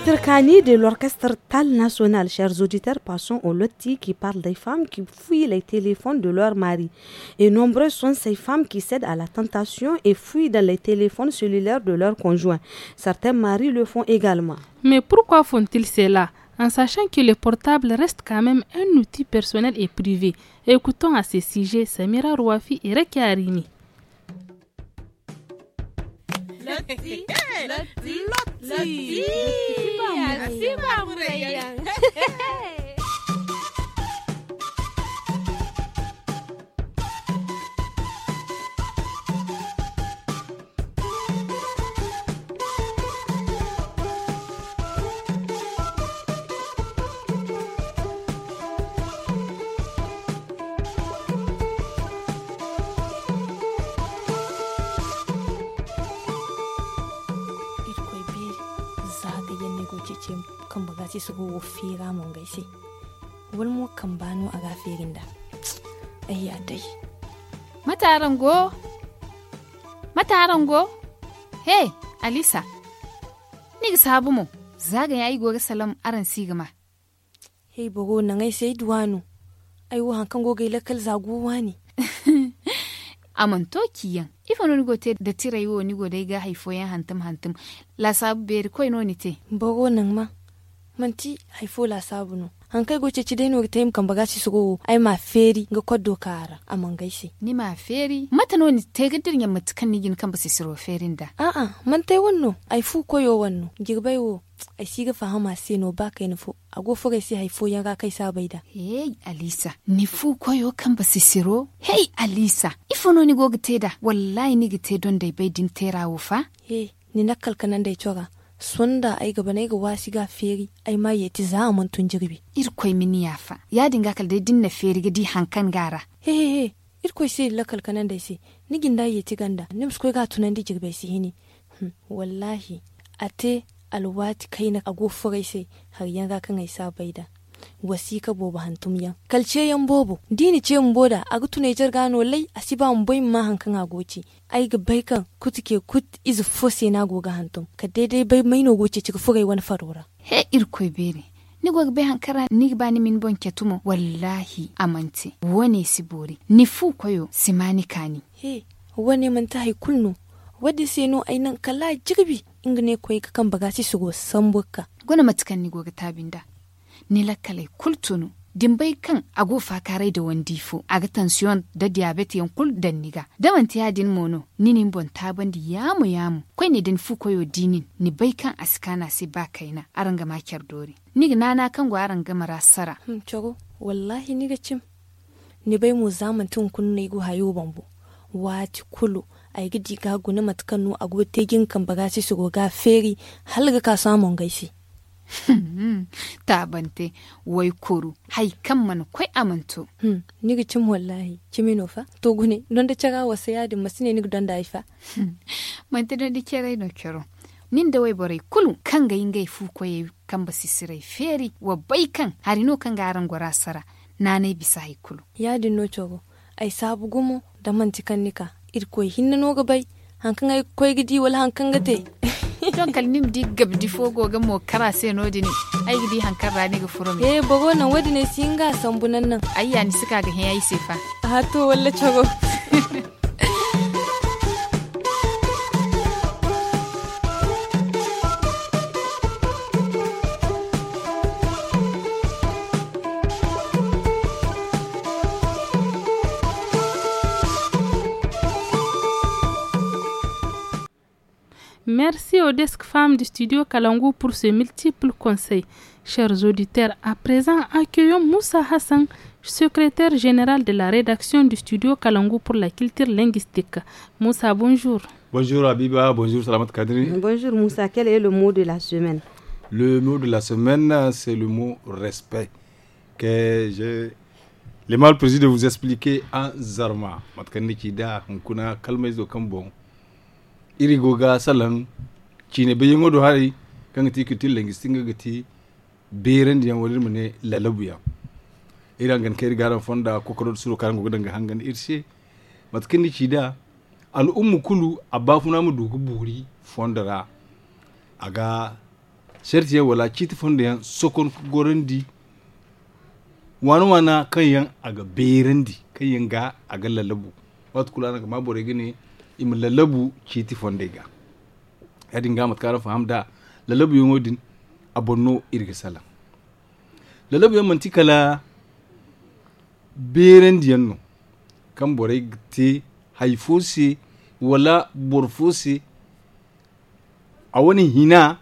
de l'orchestre Tal National, chers auditeurs, passons au loti qui parle des femmes qui fuient les téléphones de leur mari. Et nombreuses sont ces femmes qui cèdent à la tentation et fuient dans les téléphones cellulaires de leur conjoint. Certains maris le font également. Mais pourquoi font-ils cela en sachant que le portable reste quand même un outil personnel et privé. Écoutons à ce sujet Samira Rouafi et Rekia Así vamos, Reyes. su gugu fira mun gaisi wani mo kan banu a gafirin da ayya dai mataran go mataran go hey alisa ni ga sabu mu zaga yayi gore salam aran sigama hey bogo nan ai sai duwanu ai wo hankan go gai lakal zaguwa ne <laughs> aman tokiyan ifa no nigo te da tirayi wo nigo dai ga haifo yan hantum hantum la sabu beri koi no ni te bogo nan ma manti la fola sabunu hankai goce ci dai noga tayim kan su sugo ai ma feri ga kwado kara man gaishe. ni ma feri mata no ni yi gaddir yamma ta kan nigin kan basi siro ferin da a man ta yi wonno ai fu koyo wonno girbai wo ai siga fahama se no ba kai nufo go fo yi haifo yan yanga kai sabai da hey alisa ni fu koyo kan basi siro hey alisa ifo no ni goga da. wallahi ni gite don dai bai din terawo fa hey ni nakkal kanan dai cora. da ai gaba nai ga wasi ga feri ai ma yeti za a mantun jirbi Irkwai mini fa ya dinga kal dai dinna feri ga di hankan gara he he he irkwai sai lakal kanan da sai nigin da yeti ganda nims muskwai ga tunan di jirbe si hini hmm, wallahi ate alwati kai na agofurai sai har yanga kan ai sabai da wasika bobo hantum yan kalce yan bobo dini ce boda a gutu ne jar gano lai a mun mboy ma hankan goce. ai ga bai kan kutike kut iz fose na goga hantum ka daidai bai no goce cika fugai wani farora he irkoi bere ni gwag bai hankara ni ba ni min bonke tumo wallahi amante wone si bori ni fu koyo si mani kani he wone man tahi kulnu wadda seno ainan kala jirbi inga ne ka kakan bagasi su go sambuka gona matukan ni goga tabinda ni la kultunu dimbai kan ago fakarai da wandifo aga tansiyon da diabetes yan kul dan niga daman ta yadin mono ninin bon taban di yamu yamu kwai ne din koyo dinin ni bai kan askana sai ba kaina aranga makiyar dori na na kan go aranga marasara hmm chogo wallahi ga cim ni bai mu zaman tun kun ne go hayo bambo wati kulu ai gidi ga guna matkanu ago tegin kan baga su go ga feri halga ka samun gaifi. <laughs> Hmm, hmm. ta bante wai kuru hai kan man kwai amanto hmm. ga cin wallahi ki mino fa to gune don da chaga wasa yadin masine ni don da haifa hmm, man te da di no kero nin da wai bare kulu kan ga yin gai fu koyi kan basisirai feri wa bai kan hari n'o kan ga aran gwara sara na ne bisa haikulu din no chogo ai sabu gumo da tikan nika irko hinna no bai hankan ai koyi gidi wala hankan te. <laughs> don di gab di fogo ga mo kara se no dini ay gidi hankar rani ga furo eh bogo nan wadi ne singa sambunan nan ayya ni suka ga hayi sefa ha to walla chago <laughs> Merci au desk femmes du studio Kalangu pour ce multiples conseils, Chers auditeurs, à présent, accueillons Moussa Hassan, secrétaire général de la rédaction du studio Kalangu pour la culture linguistique. Moussa, bonjour. Bonjour Abiba, bonjour Salamat Kadri. Bonjour Moussa, quel est le mot de la semaine Le mot de la semaine, c'est le mot respect que je. le mal plaisir de vous expliquer en zarma. Matkani kida, mkuna Kalmezo irigoga salan cine bayin wado hari kan ti kutil lengistin ga gati beren diyan walir mune lalabuya iran gan kai garan fonda ko karo suru karan gudan ga hangan irse matkin ni cida al ummu kulu abba funa mu dugu buri ra aga sertiye wala citi fonda yan sokon gorandi wani wana kan yan aga berendi kan yan ga aga lalabu wat kula na ma mabore gine ima lalabu kiti fondega yadi gamat karan faham da lalabu yongo din abonno irga sala lalabu yon manti kala beren diyanu kan bore te haifose wala borfose a hina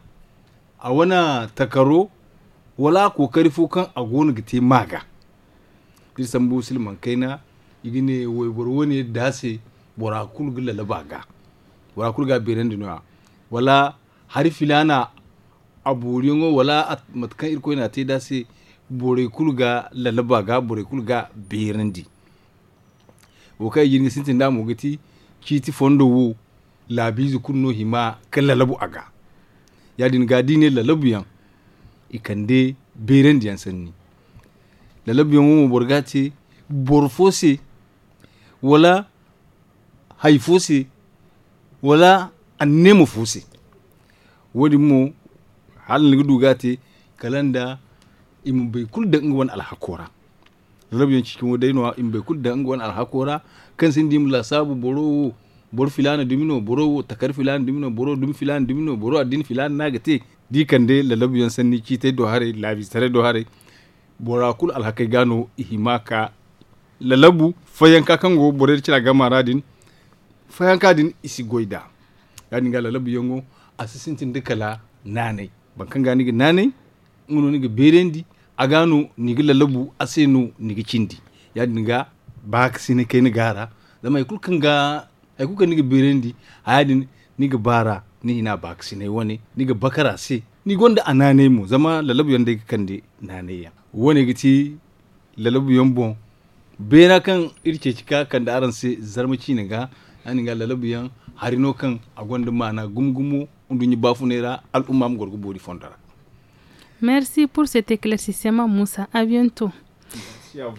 a takaro wala kokari fo kan a gite maga dir silman kaina igine waibor wani da bora kulgu la baga bora kulga beren dinoya wala hari filana a wala at matkan irko ina te da se bore kulga la la baga bore kulga beren di wo kai yin sintin da giti kiti fondo wo bizu kunno hima kan lalabu aga yadin gadi ne lalabu yan ikande beren an sanni lalabu yan wo borga ce borfose wala hay fusi wala annemu fusi wodi mo halnigu dugati kalanda imu bai kul da ingu wani alhakora rabin cikin wadai no im bai kul da ingu wani alhakora kan sin dim la sabu boro bor filana dumino boro takar filana dumino boro dum filana dumino boro adin filana nagate di kan de la labiyon sanni ci te do hare bi tare do hare bora kul alhakai gano ihimaka lalabu fayan kakan go borer cira gamara din. kadin isi goida ni gala labu yongo asisintin dukala nanai bankan gani ga nanai ngono ni ga berendi gano ni ga lalabu asenu ni ga cindi ni ga bak sine kai ni gara zama ikul kan ga ai kuka ni ga berendi hayadin ni ga bara ni ina bak sine wani ni ga bakara se ni gonda anane mu zama lalabu yonde ga kande nanai ya wani ga ci lalabu yombo bena kan irce cika kan da aran sai zarmaci ni ga merci pour cet éclaircissement Moussa à bientôt merci à vous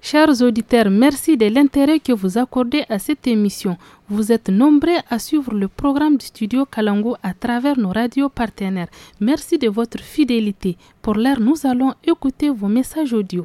Chers auditeurs, merci de l'intérêt que vous accordez à cette émission. Vous êtes nombreux à suivre le programme du studio Kalango à travers nos radios partenaires. Merci de votre fidélité. Pour l'heure, nous allons écouter vos messages audio.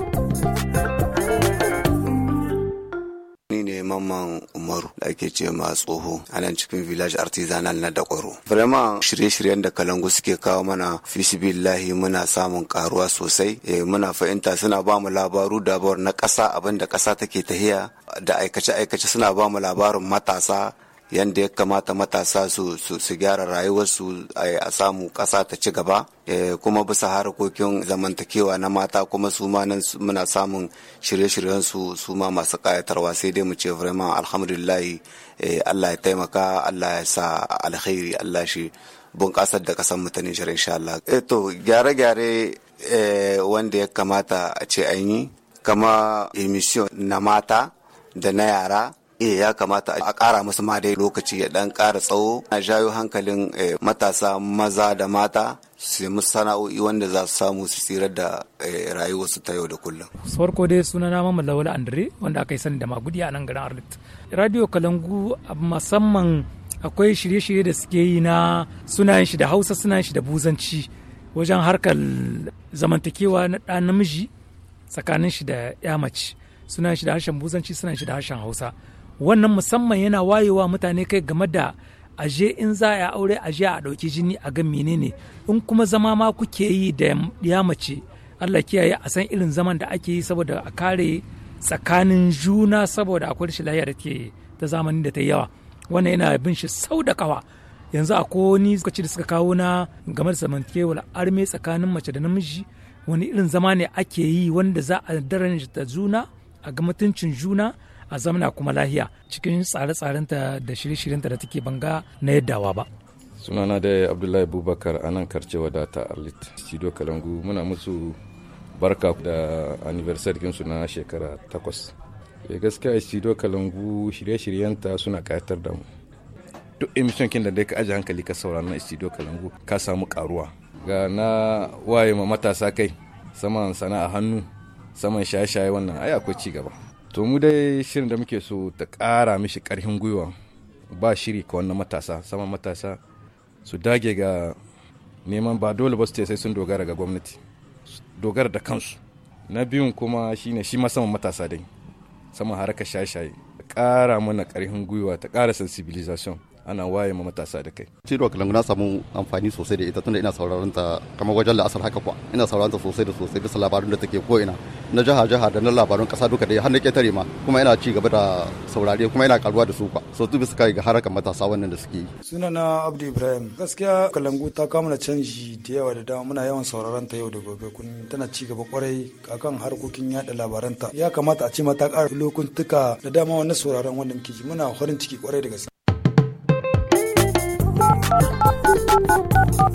mamman umaru da ake ce ma tsoho a nan cikin village artisanal na dakwaro Firema shirye-shiryen da kalangu suke kawo mana fisibillahi muna samun karuwa sosai eh, muna fahimta suna ba mu labaru dabar na ƙasa abin da ƙasa take tahiya da aikace-aikace suna ba mu labarin matasa yadda ya kamata matasa su gyara rayuwarsu a samu kasa ta ci gaba eh, kuma bisa harkokin zamantakewa na mata kuma su ma nan muna samun shirye-shiryen su ma masu ƙayatarwa sai dai mu ce vraiment alhamdulillah eh, Allah ya taimaka Allah ya sa alkhairi Allah shi bunƙasar da ƙasar mu ta sha Allah eh, to gyare-gyare wanda ya kamata a ce an yi kama emission na mata da na yara Eh, ya kamata a kara musu ma dai lokaci ya ɗan kara tsawo na jayo hankalin eh, matasa maza da mata su yi sana'o'i wanda za su samu su tsirar da eh, rayuwarsu ta yau da kullum. farko dai suna na mamman lawal andre wanda aka yi sani da magudi a nan garin arlit radio kalangu musamman akwai shirye-shirye da suke yi na sunayen shi da hausa sunayen shi da buzanci wajen harkar zamantakewa na ɗa namiji tsakanin shi da ya mace sunayen shi da harshen buzanci sunayen shi da harshen hausa wannan musamman yana wayewa mutane kai game da aje in za a aure aje a ɗauki jini a ga menene in kuma zama ma kuke yi da ya mace Allah kiyaye a san irin zaman da ake yi saboda a kare tsakanin juna saboda akwai rashin lafiya da ke ta zamani da ta yawa wannan yana bin shi sau da kawa yanzu a ni lokaci da suka kawo na game da zamantakewar arme tsakanin mace da namiji wani irin zama ne ake yi wanda za a daren da juna a ga mutuncin juna a zamana kuma lahiya cikin tsare-tsarenta da shirye-shiryenta da take banga na yaddawa ba sunana da abdullahi bubakar a nan karce ta arlit studio kalangu muna musu barka da anniversary su na shekara takwas e gaskiya studio kalangu shirye-shiryenta suna kayatar da mu duk emission kin da dai ka aje hankali ka saurana na studio kalangu ka samu karuwa ga na waye ma matasa kai saman sana'a hannu saman shaye-shaye wannan ai akwai ci gaba to mu dai shirin da muke so ta ƙara mishi ƙarfin gwiwa ba shiri ka wannan matasa sama matasa su dage ga neman ba dole ba su sai sun dogara ga gwamnati dogara da kansu na biyun kuma shine shi ma sama matasa dai sama haraka shaye-shaye ƙara mana ƙarfin gwiwa ta ƙara sensibilisation ana waye ma matasa da kai. Ciro Kalangu na samu amfani sosai da ita tunda ina sauraron ta kamar wajen la'asar haka kuwa ina sauraron ta sosai da sosai bisa labarun da take ko ina na jaha jaha da na labarun kasa duka da har na ketare ma kuma ina ci gaba da saurare kuma ina karuwa da su kuwa so tu bisa kai ga harakan matasa wannan da suke yi. Sunana Abdu Ibrahim gaskiya Kalangu ta kama canji da yawa da dama muna yawan sauraron ta yau da gobe kun tana ci gaba kwarai akan harkokin yada ta ya kamata a ce mata ƙara lokuntuka da dama wannan sauraron wannan kiji muna farin ciki kwarai da gaske.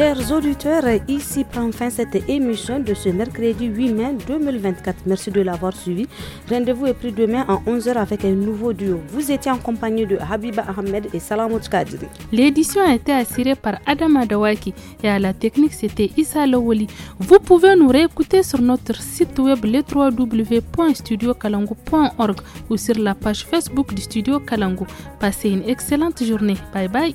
Chers auditeurs, ici prend fin cette émission de ce mercredi 8 mai 2024. Merci de l'avoir suivi. Rendez-vous est pris demain à 11h avec un nouveau duo. Vous étiez en compagnie de Habiba Ahmed et Salamou Kadiri. L'édition a été assurée par Adam Adawaki et à la technique c'était Issa Lowoli. Vous pouvez nous réécouter sur notre site web le www.studiokalangu.org ou sur la page Facebook du Studio Kalangu. Passez une excellente journée. Bye bye.